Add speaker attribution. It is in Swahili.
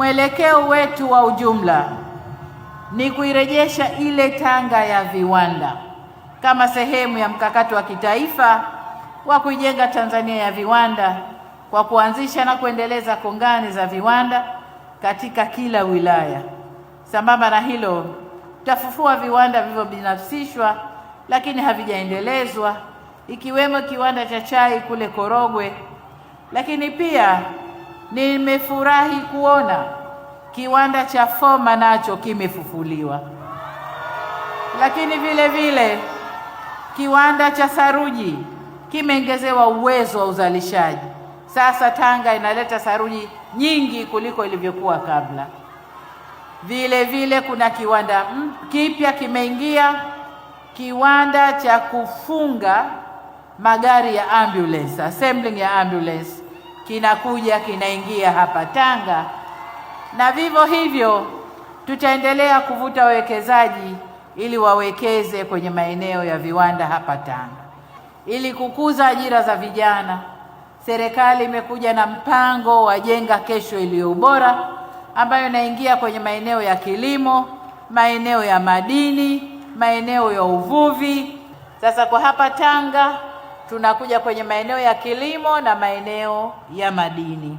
Speaker 1: Mwelekeo wetu wa ujumla ni kuirejesha ile Tanga ya viwanda kama sehemu ya mkakati wa kitaifa wa kuijenga Tanzania ya viwanda kwa kuanzisha na kuendeleza kongani za viwanda katika kila wilaya. Sambamba na hilo, tutafufua viwanda vilivyobinafsishwa lakini havijaendelezwa ikiwemo kiwanda cha chai kule Korogwe, lakini pia Nimefurahi kuona kiwanda cha Foma nacho kimefufuliwa, lakini vile vile kiwanda cha saruji kimeongezewa uwezo wa uzalishaji. Sasa Tanga inaleta saruji nyingi kuliko ilivyokuwa kabla. Vile vile kuna kiwanda kipya kimeingia, kiwanda cha kufunga magari ya ambulance, assembling ya ambulance kinakuja kinaingia hapa Tanga, na vivyo hivyo tutaendelea kuvuta wawekezaji ili wawekeze kwenye maeneo ya viwanda hapa Tanga ili kukuza ajira za vijana. Serikali imekuja na mpango wa Jenga Kesho Iliyo Bora, ambayo inaingia kwenye maeneo ya kilimo, maeneo ya madini, maeneo ya uvuvi. Sasa kwa hapa Tanga tunakuja kwenye maeneo ya kilimo na maeneo ya madini.